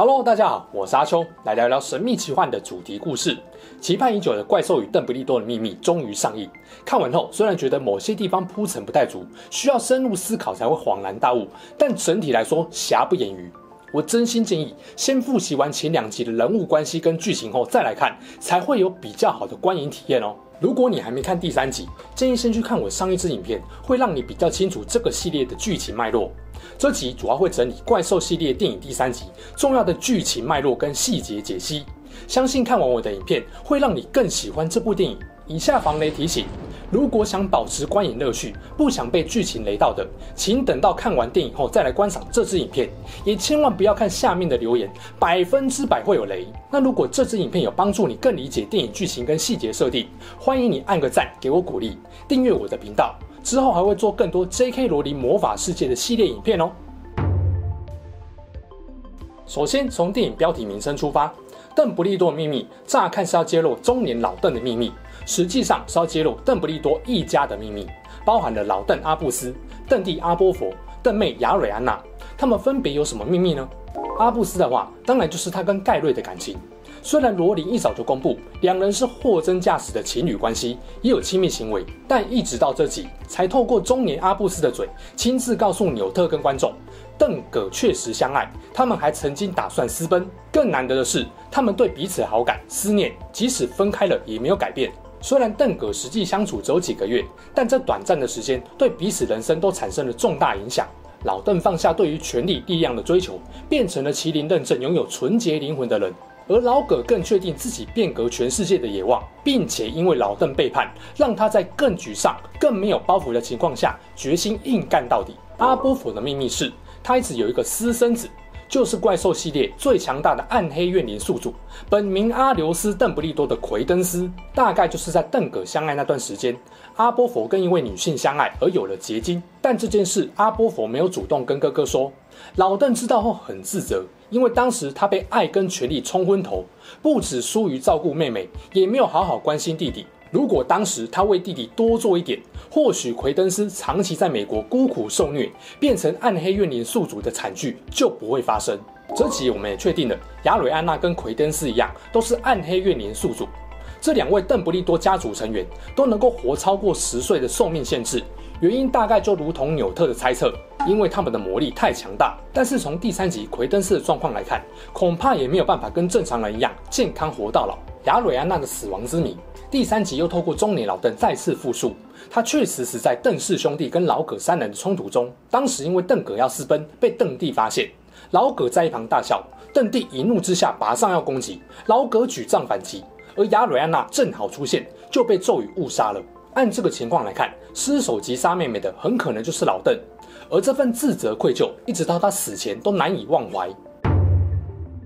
Hello，大家好，我是阿秋，來聊聊神秘奇幻的主題故事。期盼已久的《怪獸與鄧不利多的秘密》終於上映。看完後，雖然覺得某些地方鋪陳不太足，需要深入思考才會恍然大悟，但整體來說瑕不掩瑜。我真心建議，先複習完前兩集的人物關係跟劇情後再來看，才會有比較好的觀影體驗哦。如果你還沒看第三集，建議先去看我上一支影片，會讓你比較清楚這個系列的劇情脈絡。這集主要會整理《怪獸》系列電影第三集重要的劇情脈絡跟細節解析，相信看完我的影片，會讓你更喜歡這部電影。以下防雷提醒：如果想保持觀影樂趣，不想被劇情雷到的，請等到看完電影後再來觀賞這支影片，也千萬不要看下面的留言，百分之百會有雷。那如果這支影片有幫助你更理解電影劇情跟細節設定，歡迎你按個讚給我鼓勵，訂閱我的頻道，之後還會做更多 J.K. 羅琳魔法世界的系列影片哦。首先從電影標題名稱出發，鄧不利多秘密，乍看是要揭露中年老鄧的秘密，實際上是要揭露鄧不利多一家的秘密，包含了老鄧、阿不思、鄧弟阿波佛、鄧妹雅瑞安娜，他們分別有什麼秘密呢？阿不思的話，當然就是他跟蓋瑞的感情。雖然羅琳一早就公布兩人是貨真價實的情侶關係，也有親密行為，但一直到這集才透過中年阿布斯的嘴，親自告訴紐特跟觀眾，鄧葛確實相愛，他們還曾經打算私奔。更難得的是，他們對彼此好感思念，即使分開了也沒有改變。雖然鄧葛實際相處只有幾個月，但這短暫的時間對彼此人生都產生了重大影響。老鄧放下對於權力力量的追求，變成了麒麟認證擁有純潔靈魂的人。而老葛更確定自己變革全世界的野望，並且因為老鄧背叛，讓他在更沮喪、更沒有包袱的情況下，決心硬幹到底。阿波佛的秘密是，他一直有一個私生子，就是怪獸系列最強大的闇黑怨靈宿主，本名阿留斯·鄧不利多的魁登斯，大概就是在鄧葛相愛那段時間，阿波佛跟一位女性相愛而有了結晶，但這件事阿波佛沒有主動跟哥哥說，老鄧知道後很自責。因為當時他被愛跟權力沖昏頭，不只疏於照顧妹妹，也沒有好好關心弟弟。如果當時他為弟弟多做一點，或許奎登斯長期在美國孤苦受虐，變成暗黑怨靈宿主的慘劇就不會發生。這集我們也確定了，亞蕊安娜跟奎登斯一樣，都是暗黑怨靈宿主。這兩位鄧不利多家族成員都能夠活超過十歲的壽命限制。原因大概就如同紐特的猜測，因為他們的魔力太強大。但是從第三集魁登斯的狀況來看，恐怕也沒有辦法跟正常人一樣健康活到老。亞蕊安娜的死亡之謎，第三集又透過中年老鄧再次複述，他確實是在鄧氏兄弟跟老葛三人的衝突中，當時因為鄧葛要私奔，被鄧弟發現，老葛在一旁大笑，鄧弟一怒之下拔杖要攻擊，老葛舉杖反擊，而亞蕊安娜正好出現，就被咒語誤殺了。按這個情況來看，失手擊殺妹妹的很可能就是老鄧，而這份自責愧疚，一直到他死前都難以忘懷。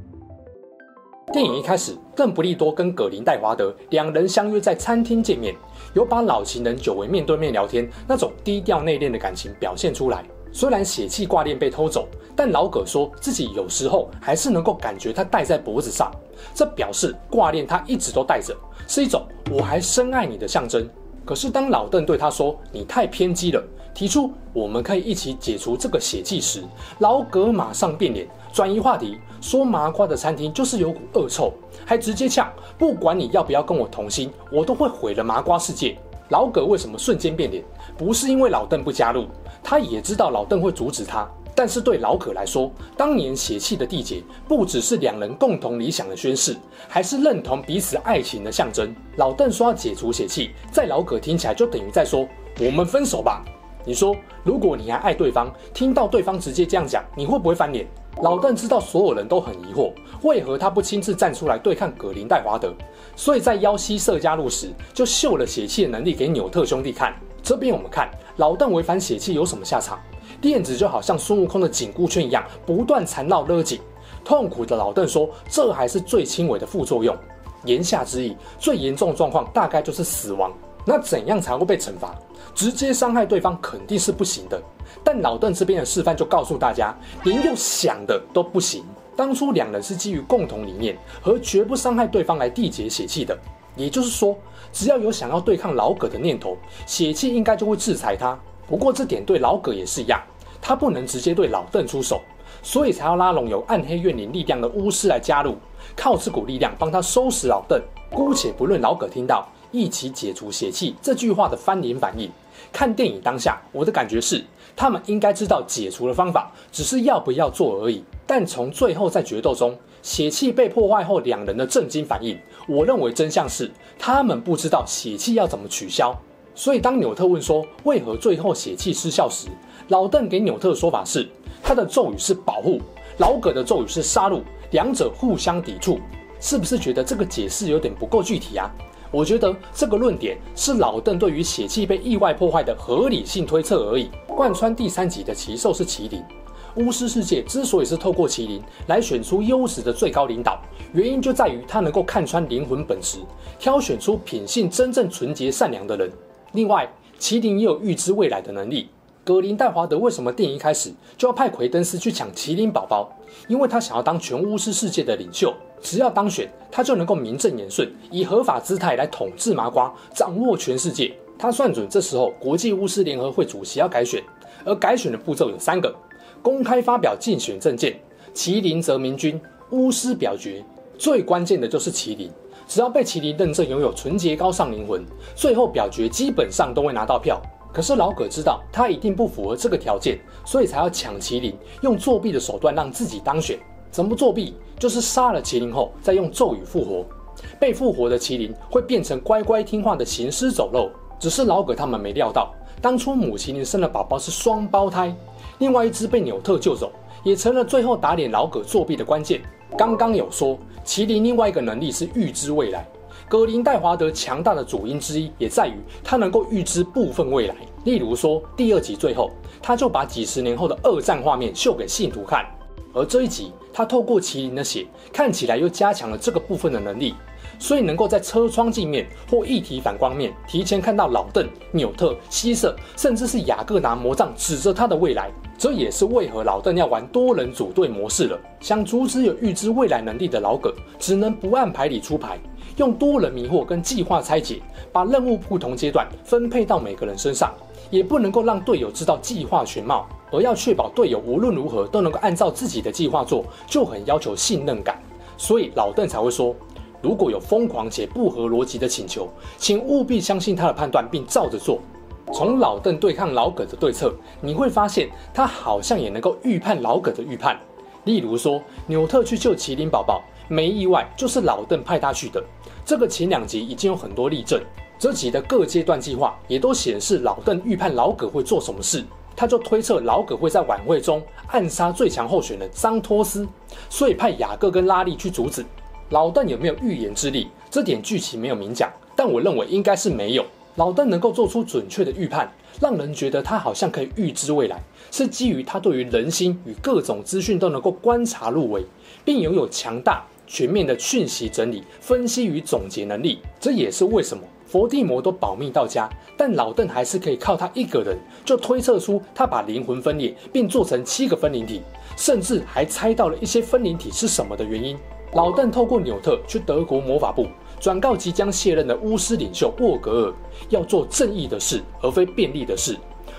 電影一開始，鄧不利多跟葛林戴華德兩人相約在餐廳見面，有把老情人久違面對面聊天那種低調內斂的感情表現出來。雖然血氣掛鏈被偷走，但老葛說自己有時候還是能夠感覺他戴在脖子上，這表示掛鏈他一直都戴着，是一種我還深愛你的象徵。可是當老鄧對他說“你太偏激了”，提出我們可以一起解除這個血盟時，老葛馬上變臉，轉移話題說麻瓜的餐廳就是有股惡臭，還直接嗆：“不管你要不要跟我同心，我都會毀了麻瓜世界。”老葛為什麼瞬間變臉？不是因為老鄧不加入，他也知道老鄧會阻止他。但是對老葛來說，當年血契的締結不只是兩人共同理想的宣誓，還是認同彼此愛情的象徵。老鄧說要解除血契，在老葛聽起來就等於在說我們分手吧。你說，如果你還愛對方，聽到對方直接這樣講，你會不會翻臉？老鄧知道所有人都很疑惑，為何他不親自站出來對抗葛林戴華德，所以在妖西社加入時就秀了血契的能力給紐特兄弟看。這邊我們看老鄧違反血契有什麼下場。鏈子就好像孫悟空的緊箍圈一樣，不斷纏繞勒緊。痛苦的老鄧說：“這還是最輕微的副作用。”言下之意，最嚴重的狀況大概就是死亡。那怎樣才會被懲罰？直接傷害對方肯定是不行的。但老鄧這邊的示範就告訴大家，連用想的都不行。當初兩人是基於共同理念和絕不傷害對方來締結血契的，也就是說，只要有想要對抗老葛的念頭，血契應該就會制裁他。不過這點對老葛也是一樣。他不能直接對老鄧出手，所以才要拉攏有暗黑怨靈力量的巫師來加入，靠這股力量幫他收拾老鄧。姑且不論老葛聽到“一起解除血盟”這句話的翻臉反應，看電影當下我的感覺是，他們應該知道解除的方法，只是要不要做而已。但從最後在決鬥中血盟被破壞後兩人的震驚反應，我認為真相是他們不知道血盟要怎麼取消。所以當紐特問說為何最後血盟失效時，老鄧給紐特的說法是，他的咒語是保護，老葛的咒語是殺戮，兩者互相抵觸。是不是覺得這個解釋有點不夠具體啊？我覺得這個論點是老鄧對於血盟被意外破壞的合理性推測而已。貫穿第三集的奇獸是麒麟，巫師世界之所以是透過麒麟來選出優勢的最高領導，原因就在於它能夠看穿靈魂本質，挑選出品性真正純潔善良的人。另外，麒麟也有預知未來的能力。葛林戴華德為什麼電影一開始就要派魁登斯去搶麒麟寶寶？因為他想要當全巫師世界的領袖，只要當選，他就能夠名正言順以合法姿態來統治麻瓜，掌握全世界。他算準這時候國際巫師聯合會主席要改選，而改選的步驟有三個：公開發表競選政見，麒麟則明君，巫師表決。最關鍵的就是麒麟，只要被麒麟認證擁有純潔高尚靈魂，最後表決基本上都會拿到票。可是老葛知道他一定不符合這個條件，所以才要搶麒麟，用作弊的手段讓自己當選。怎麼作弊？就是殺了麒麟後，再用咒語復活。被復活的麒麟會變成乖乖聽話的行屍走肉。只是老葛他們沒料到，當初母麒麟生了寶寶是雙胞胎，另外一只被紐特救走，也成了最後打臉老葛作弊的關鍵。剛剛有說，麒麟另外一個能力是預知未來。格林戴華德強大的主因之一，也在於他能夠預知部分未來。例如說，第二集最後，他就把幾十年後的二戰畫面秀給信徒看。而這一集，他透過麒麟的血，看起來又加強了這個部分的能力，所以能夠在車窗鏡面或一體反光面提前看到老鄧、紐特、西瑟，甚至是雅各拿魔杖指着他的未來。這也是為何老鄧要玩多人組隊模式了。想阻止有預知未來能力的老葛，只能不按牌理出牌。用多人迷惑跟計劃拆解，把任務不同階段分配到每個人身上，也不能夠讓隊友知道計劃全貌，而要確保隊友無論如何都能夠按照自己的計劃做，就很要求信任感。所以老鄧才會說，如果有瘋狂且不合邏輯的請求，請務必相信他的判斷並照着做。從老鄧對抗老葛的對策，你會發現他好像也能夠預判老葛的預判。例如說，紐特去救麒麟寶寶，沒意外就是老鄧派他去的。這個前兩集已經有很多例證，這集的各階段計劃也都顯示老鄧預判老葛會做什麼事，他就推測老葛會在晚會中暗殺最強候選人桑托斯，所以派雅各跟拉力去阻止。老鄧有沒有預言之力？這點劇情沒有明講，但我認為應該是沒有。老鄧能夠做出準確的預判，讓人覺得他好像可以預知未來，是基於他對於人心與各種資訊都能夠觀察入微並擁有強大。全面的訊息整理、分析與總結能力，這也是為什麼佛地魔都保密到家，但老鄧還是可以靠他一個人就推測出他把靈魂分裂並做成七個分靈體，甚至還猜到了一些分靈體是什麼的原因。老鄧透過紐特去德國魔法部，轉告即將卸任的巫師領袖沃格爾，要做正義的事，而非便利的事。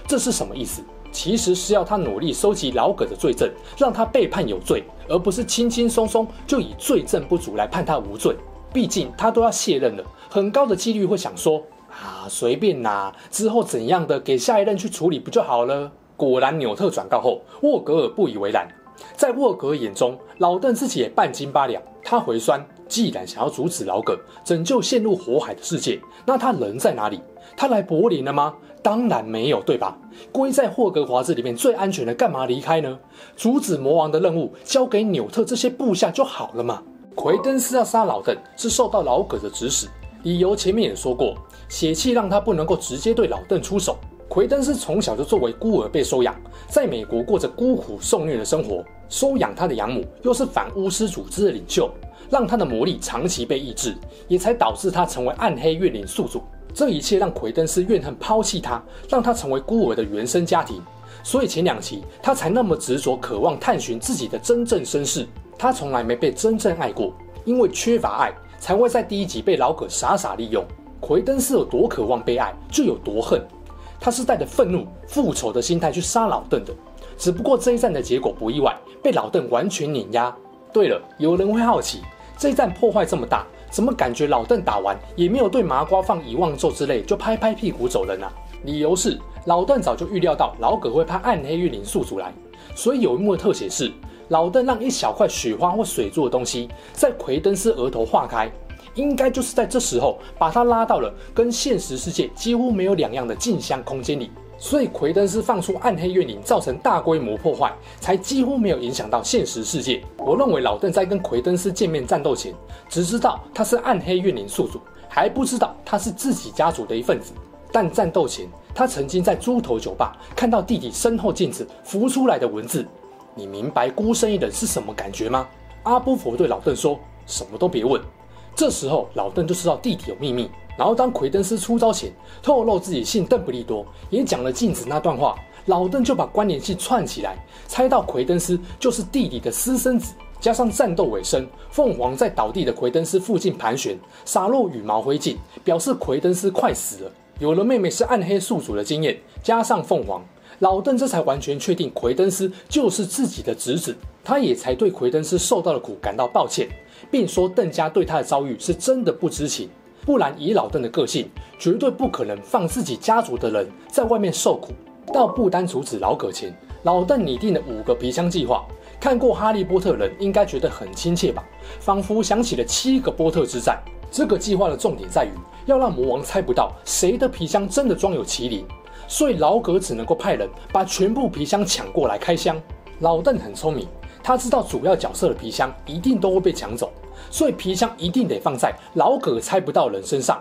這是什麼意思？其實是要他努力收集老葛的罪證，讓他被判有罪，而不是輕輕鬆鬆就以罪證不足來判他無罪。畢竟他都要卸任了，很高的幾率會想說啊，隨便啦、啊，之後怎樣的給下一任去處理不就好了？果然紐特轉告後，沃格爾不以為然。在沃格爾眼中，老鄧自己也半斤八兩，他回酸。既然想要阻止老葛，拯救陷入火海的世界，那他人在哪裡？他來柏林了嗎？當然沒有，對吧？歸在霍格華茲裡面最安全的，幹嘛離開呢？阻止魔王的任務交給紐特這些部下就好了嘛。魁登斯要殺老鄧，是受到老葛的指使，理由前面也說過，血契讓他不能夠直接對老鄧出手。魁登斯從小就作為孤兒被收養，在美國過着孤苦受虐的生活，收養他的養母又是反巫師組織的領袖，讓他的魔力長期被抑制，也才導致他成為暗黑怨靈宿主。這一切讓魁登斯怨恨拋棄他，讓他成為孤兒的原生家庭。所以前兩集他才那麼執着、渴望探尋自己的真正身世。他從來沒被真正愛過，因為缺乏愛，才會在第一集被老葛傻傻利用。魁登斯有多渴望被愛，就有多恨。他是帶着憤怒、復仇的心態去殺老鄧的。只不過這一戰的結果不意外，被老鄧完全碾壓。對了，有人會好奇。這一戰破壞這麼大，怎麼感覺老鄧打完也沒有對麻瓜放遺忘咒之類，就拍拍屁股走人了啊？理由是老鄧早就預料到老葛會派闇黑怨靈宿主來，所以有一幕的特寫是老鄧讓一小塊雪花或水做的東西在魁登斯額頭化開，應該就是在這時候把他拉到了跟現實世界幾乎沒有兩樣的鏡像空間裡。所以魁登斯放出暗黑怨靈，造成大規模破壞，才幾乎沒有影響到現實世界。我認為老鄧在跟魁登斯見面戰鬥前，只知道他是暗黑怨靈宿主，還不知道他是自己家族的一份子。但戰鬥前，他曾經在豬頭酒吧看到弟弟身後鏡子浮出來的文字。你明白孤身一人是什麼感覺嗎？阿波佛對老鄧說：“什麼都別問。”這時候老鄧就知道弟弟有秘密。然後，當奎登斯出招前透露自己姓鄧不利多，也講了鏡子那段話，老鄧就把關聯性串起來，猜到奎登斯就是弟弟的私生子。加上戰鬥尾聲，鳳凰在倒地的奎登斯附近盤旋，灑落羽毛灰燼，表示奎登斯快死了。有了妹妹是暗黑宿主的經驗，加上鳳凰，老鄧這才完全確定奎登斯就是自己的侄子。他也才對奎登斯受到的苦感到抱歉，并說鄧家對他的遭遇是真的不知情。不然，以老鄧的個性，絕對不可能放自己家族的人在外面受苦。到不丹阻止老葛前，老鄧擬定了五個皮箱計劃。看過《哈利波特》的人應該覺得很親切吧，仿佛想起了七個波特之戰。這個計劃的重點在於要讓魔王猜不到誰的皮箱真的裝有麒麟，所以老葛只能夠派人把全部皮箱搶過來開箱。老鄧很聰明，他知道主要角色的皮箱一定都會被搶走。所以皮箱一定得放在老葛猜不到人身上，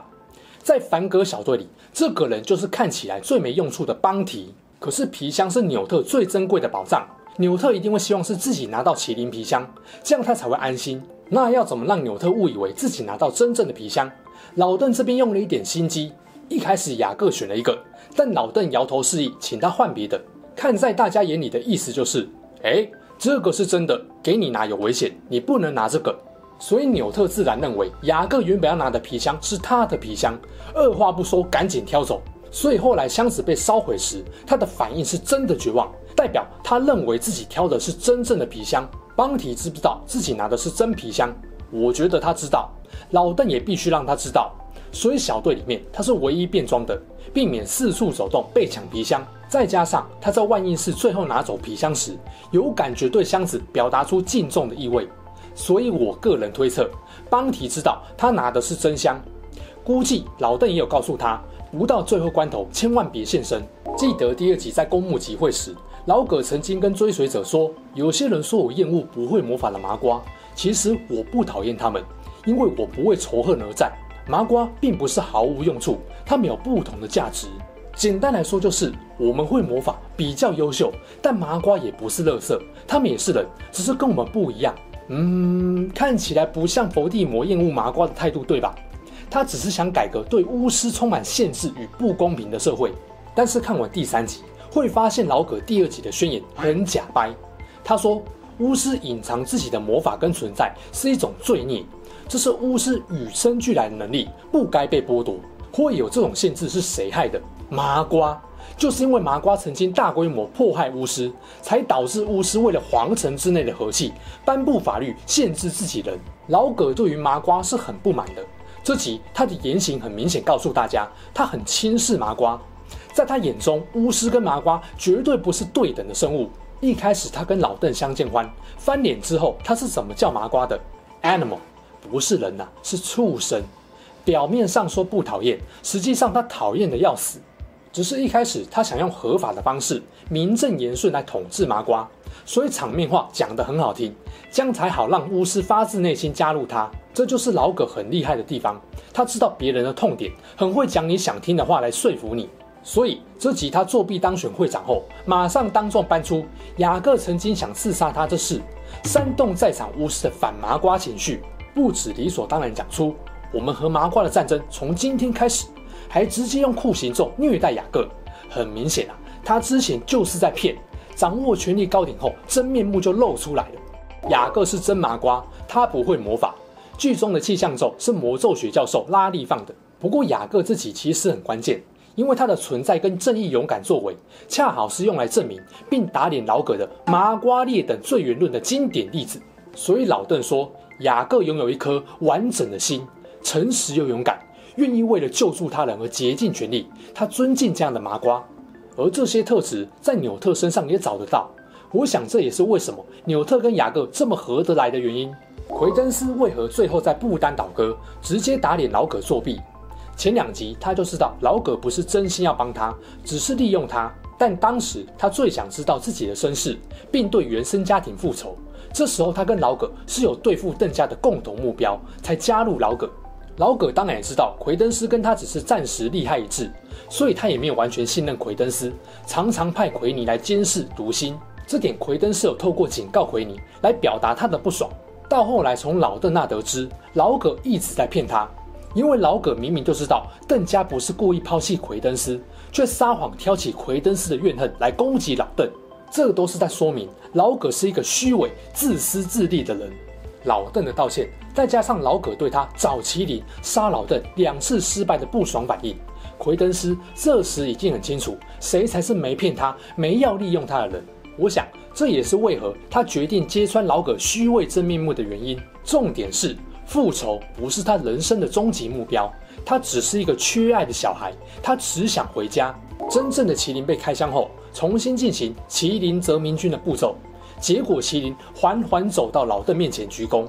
在凡格小隊裡，這個人就是看起來最沒用處的邦提。可是皮箱是紐特最珍貴的寶藏，紐特一定會希望是自己拿到麒麟皮箱，這樣他才會安心。那要怎麼讓紐特誤以為自己拿到真正的皮箱？老鄧這邊用了一點心機，一開始雅各選了一個，但老鄧搖頭示意，請他換別的。看在大家眼裡的意思就是，哎，這個是真的，給你拿有危險，你不能拿這個。所以紐特自然認為雅各原本要拿的皮箱是他的皮箱，二話不說趕緊挑走。所以後來箱子被燒毀時，他的反應是真的絕望，代表他認為自己挑的是真正的皮箱。邦提知不知道自己拿的是真皮箱？我覺得他知道，老鄧也必須讓他知道。所以小隊裡面他是唯一變裝的，避免四處走動被搶皮箱。再加上他在萬應室最後拿走皮箱時，有感覺對箱子表達出敬重的意味。所以，我個人推測，邦提知道他拿的是真香，估計老鄧也有告訴他，不到最後關頭，千萬別現身。記得第二集在公墓集會時，老葛曾經跟追隨者說：“有些人說我厭惡不會魔法的麻瓜，其實我不討厭他們，因為我不為仇恨而戰。麻瓜並不是毫無用處，他們有不同的價值。簡單來說，就是我們會魔法比較優秀，但麻瓜也不是垃圾，他們也是人，只是跟我們不一樣。”嗯，看起來不像佛地魔厭惡麻瓜的態度，對吧？他只是想改革對巫師充滿限制與不公平的社會。但是看完第三集，會發現老葛第二集的宣言很假掰。他說巫師隱藏自己的魔法跟存在是一種罪孽，這是巫師與生俱來的能力，不該被剝奪。會有這種限制是誰害的？麻瓜。就是因為麻瓜曾經大規模迫害巫師，才導致巫師為了皇城之內的和氣，頒布法律限制自己人。老葛對於麻瓜是很不滿的，這集他的言行很明顯告訴大家，他很輕視麻瓜。在他眼中，巫師跟麻瓜絕對不是對等的生物。一開始他跟老鄧相見歡，翻臉之後他是怎麼叫麻瓜的？Animal，不是人吶、啊，是畜生。表面上說不討厭，實際上他討厭得要死。只是一開始，他想用合法的方式，名正言順來統治麻瓜，所以場面話講得很好聽，這樣才好讓巫師發自內心加入他。這就是老葛很厲害的地方，他知道別人的痛點，很會講你想聽的話來說服你。所以這集他作弊當選會長後，馬上當眾搬出雅各曾經想刺殺他這事，煽動在場巫師的反麻瓜情緒，不止理所當然講出我們和麻瓜的戰爭從今天開始。還直接用酷刑咒虐待雅各，很明顯啊，他之前就是在騙。掌握權力高點後，真面目就露出來了。雅各是真麻瓜，他不會魔法。劇中的氣象咒是魔咒學教授拉力放的，不過雅各自己其實很關鍵，因為他的存在跟正義勇敢作為，恰好是用來證明並打臉老葛的麻瓜劣等罪源論的經典例子。所以老鄧說，雅各擁有一顆完整的心，誠實又勇敢。願意為了救助他人而竭盡全力，他尊敬這樣的麻瓜，而這些特質在紐特身上也找得到。我想這也是為什麼紐特跟雅各這麼合得來的原因。魁登斯為何最後在不丹倒戈，直接打臉老葛作弊？前兩集他就知道老葛不是真心要幫他，只是利用他。但當時他最想知道自己的身世，並對原生家庭復仇。這時候他跟老葛是有對付鄧家的共同目標，才加入老葛。老葛當然也知道魁登斯跟他只是暫時利害一致，所以他也沒有完全信任魁登斯，常常派奎妮來監視讀心。這點魁登斯有透過警告奎妮來表達他的不爽。到後來從老鄧那得知，老葛一直在騙他，因為老葛明明就知道鄧家不是故意拋棄魁登斯，卻撒謊挑起魁登斯的怨恨來攻擊老鄧，這都是在說明老葛是一個虛偽、自私自利的人。老鄧的道歉，再加上老葛對他找麒麟殺老鄧兩次失敗的不爽反應，奎登斯這時已經很清楚誰才是沒騙他、沒要利用他的人。我想這也是為何他決定揭穿老葛虛偽真面目的原因。重點是，復仇不是他人生的終極目標，他只是一個缺愛的小孩，他只想回家。真正的麒麟被開箱後，重新進行麒麟擇明君的步驟。結果，麒麟緩緩走到老鄧面前鞠躬。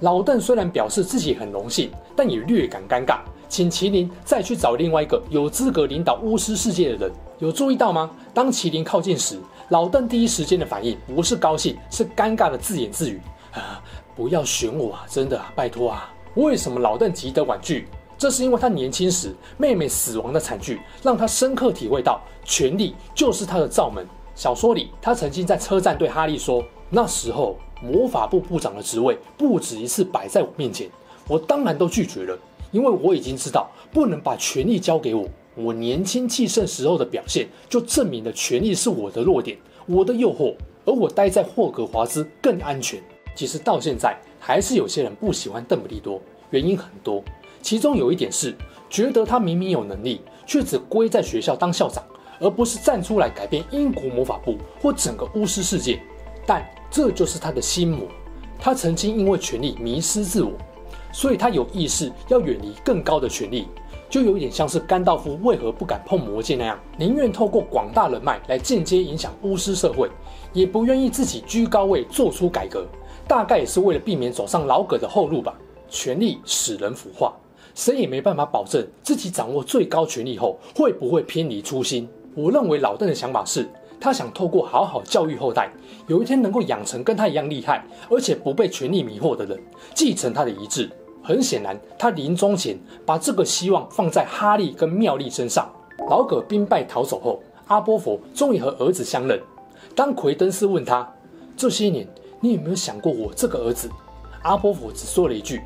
老鄧雖然表示自己很榮幸，但也略感尷尬，請麒麟再去找另外一個有資格領導巫師世界的人。有注意到嗎？當麒麟靠近時，老鄧第一時間的反應不是高興，是尷尬的自言自語：“啊，不要選我啊！真的，拜託啊！”為什麼老鄧急得婉拒？這是因為他年輕時妹妹死亡的慘劇，讓他深刻體會到權力就是他的罩門。小說裡，他曾經在車站對哈利說：“那時候，魔法部部長的職位不止一次擺在我面前，我當然都拒絕了，因為我已經知道不能把權力交給我。我年輕氣盛時候的表現，就證明了權力是我的弱點，我的誘惑。而我待在霍格華茲更安全。其實到現在，還是有些人不喜歡鄧布利多，原因很多，其中有一點是覺得他明明有能力，卻只歸在學校當校長。”而不是站出來改變英國魔法部，或整個巫師世界，但這就是他的心魔。他曾經因為權力迷失自我，所以他有意識要遠離更高的權力，就有點像是甘道夫為何不敢碰魔戒那樣，寧願透過廣大人脈來間接影響巫師社會，也不願意自己居高位做出改革。大概也是為了避免走上老葛的後路吧。權力使人腐化，誰也沒辦法保證自己掌握最高權力後會不會偏離初心。我認為老鄧的想法是，他想透過好好教育後代，有一天能夠養成跟他一樣厲害，而且不被權力迷惑的人，繼承他的遺志。很顯然，他臨終前把這個希望放在哈利跟妙麗身上。老葛兵敗逃走後，阿波佛終於和兒子相認。當魁登斯問他，這些年，你有沒有想過我這個兒子？阿波佛只說了一句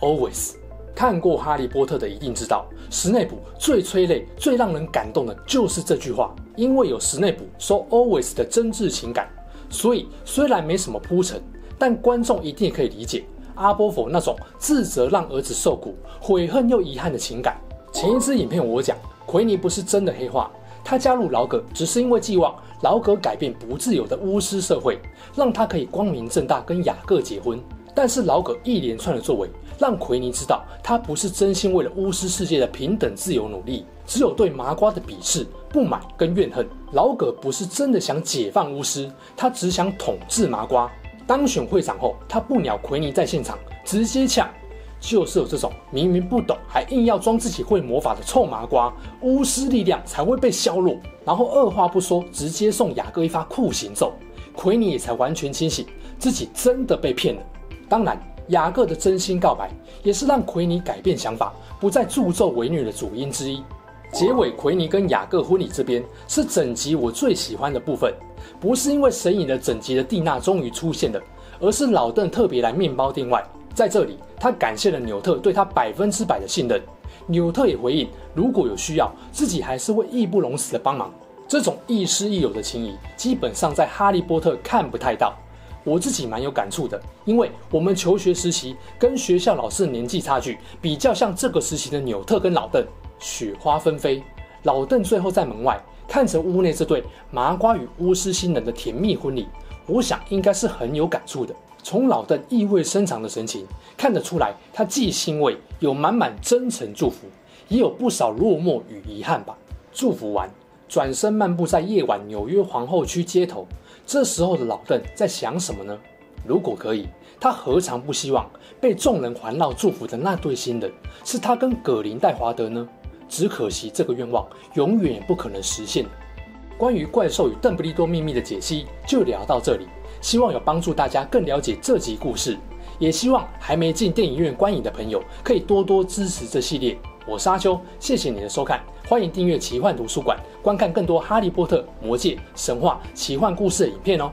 ：Always。Al 看過《哈利波特》的一定知道，史內普最催淚、最讓人感動的就是這句話。因為有史內普說 “always” 的真摯情感，所以雖然沒什麼鋪陳，但觀眾一定也可以理解阿波佛那種自責讓兒子受苦、悔恨又遺憾的情感。前一支影片我講奎尼不是真的黑化，他加入老葛只是因為寄望老葛改變不自由的巫師社會，讓他可以光明正大跟雅各結婚。但是老葛一連串的作為。讓奎尼知道，他不是真心為了巫師世界的平等自由努力，只有對麻瓜的鄙視、不滿跟怨恨。老葛不是真的想解放巫師，他只想統治麻瓜。當選會長後，他不鳥奎尼，在現場直接嗆。就是有這種明明不懂還硬要裝自己會魔法的臭麻瓜，巫師力量才會被削弱。然後二話不說，直接送雅各一發酷刑咒，奎尼也才完全清醒，自己真的被騙了。當然。雅各的真心告白，也是讓奎妮改變想法，不再助紂為虐的主因之一。結尾奎妮跟雅各婚禮這邊，是整集我最喜歡的部分，不是因為神隱的整集的蒂娜終於出現了，而是老鄧特別來麵包店外，在這裡他感謝了紐特對他百分之百的信任，紐特也回應，如果有需要，自己還是會義不容辭的幫忙。這種亦師亦友的情誼，基本上在《哈利波特》看不太到。我自己蠻有感觸的，因為我們求學時期跟學校老師的年紀差距比較像這個時期的紐特跟老鄧。雪花紛飛，老鄧最後在門外看着屋內這對麻瓜與巫師新人的甜蜜婚禮，我想應該是很有感觸的。從老鄧意味深長的神情看得出來，他既欣慰，又滿滿真誠祝福，也有不少落寞與遺憾吧。祝福完，轉身漫步在夜晚紐約皇後區街頭。這時候的老鄧在想什麼呢？如果可以，他何嘗不希望被眾人環繞祝福的那對新人是他跟葛林戴華德呢？只可惜這個願望永遠也不可能實現。關於怪獸與鄧不利多秘密的解析就聊到這裡，希望有幫助大家更了解這集故事，也希望還沒進電影院觀影的朋友可以多多支持這系列。我是阿秋，謝謝你的收看，歡迎訂閱奇幻圖書館。觀看更多《哈利波特》《魔戒》《神話》奇幻故事的影片哦。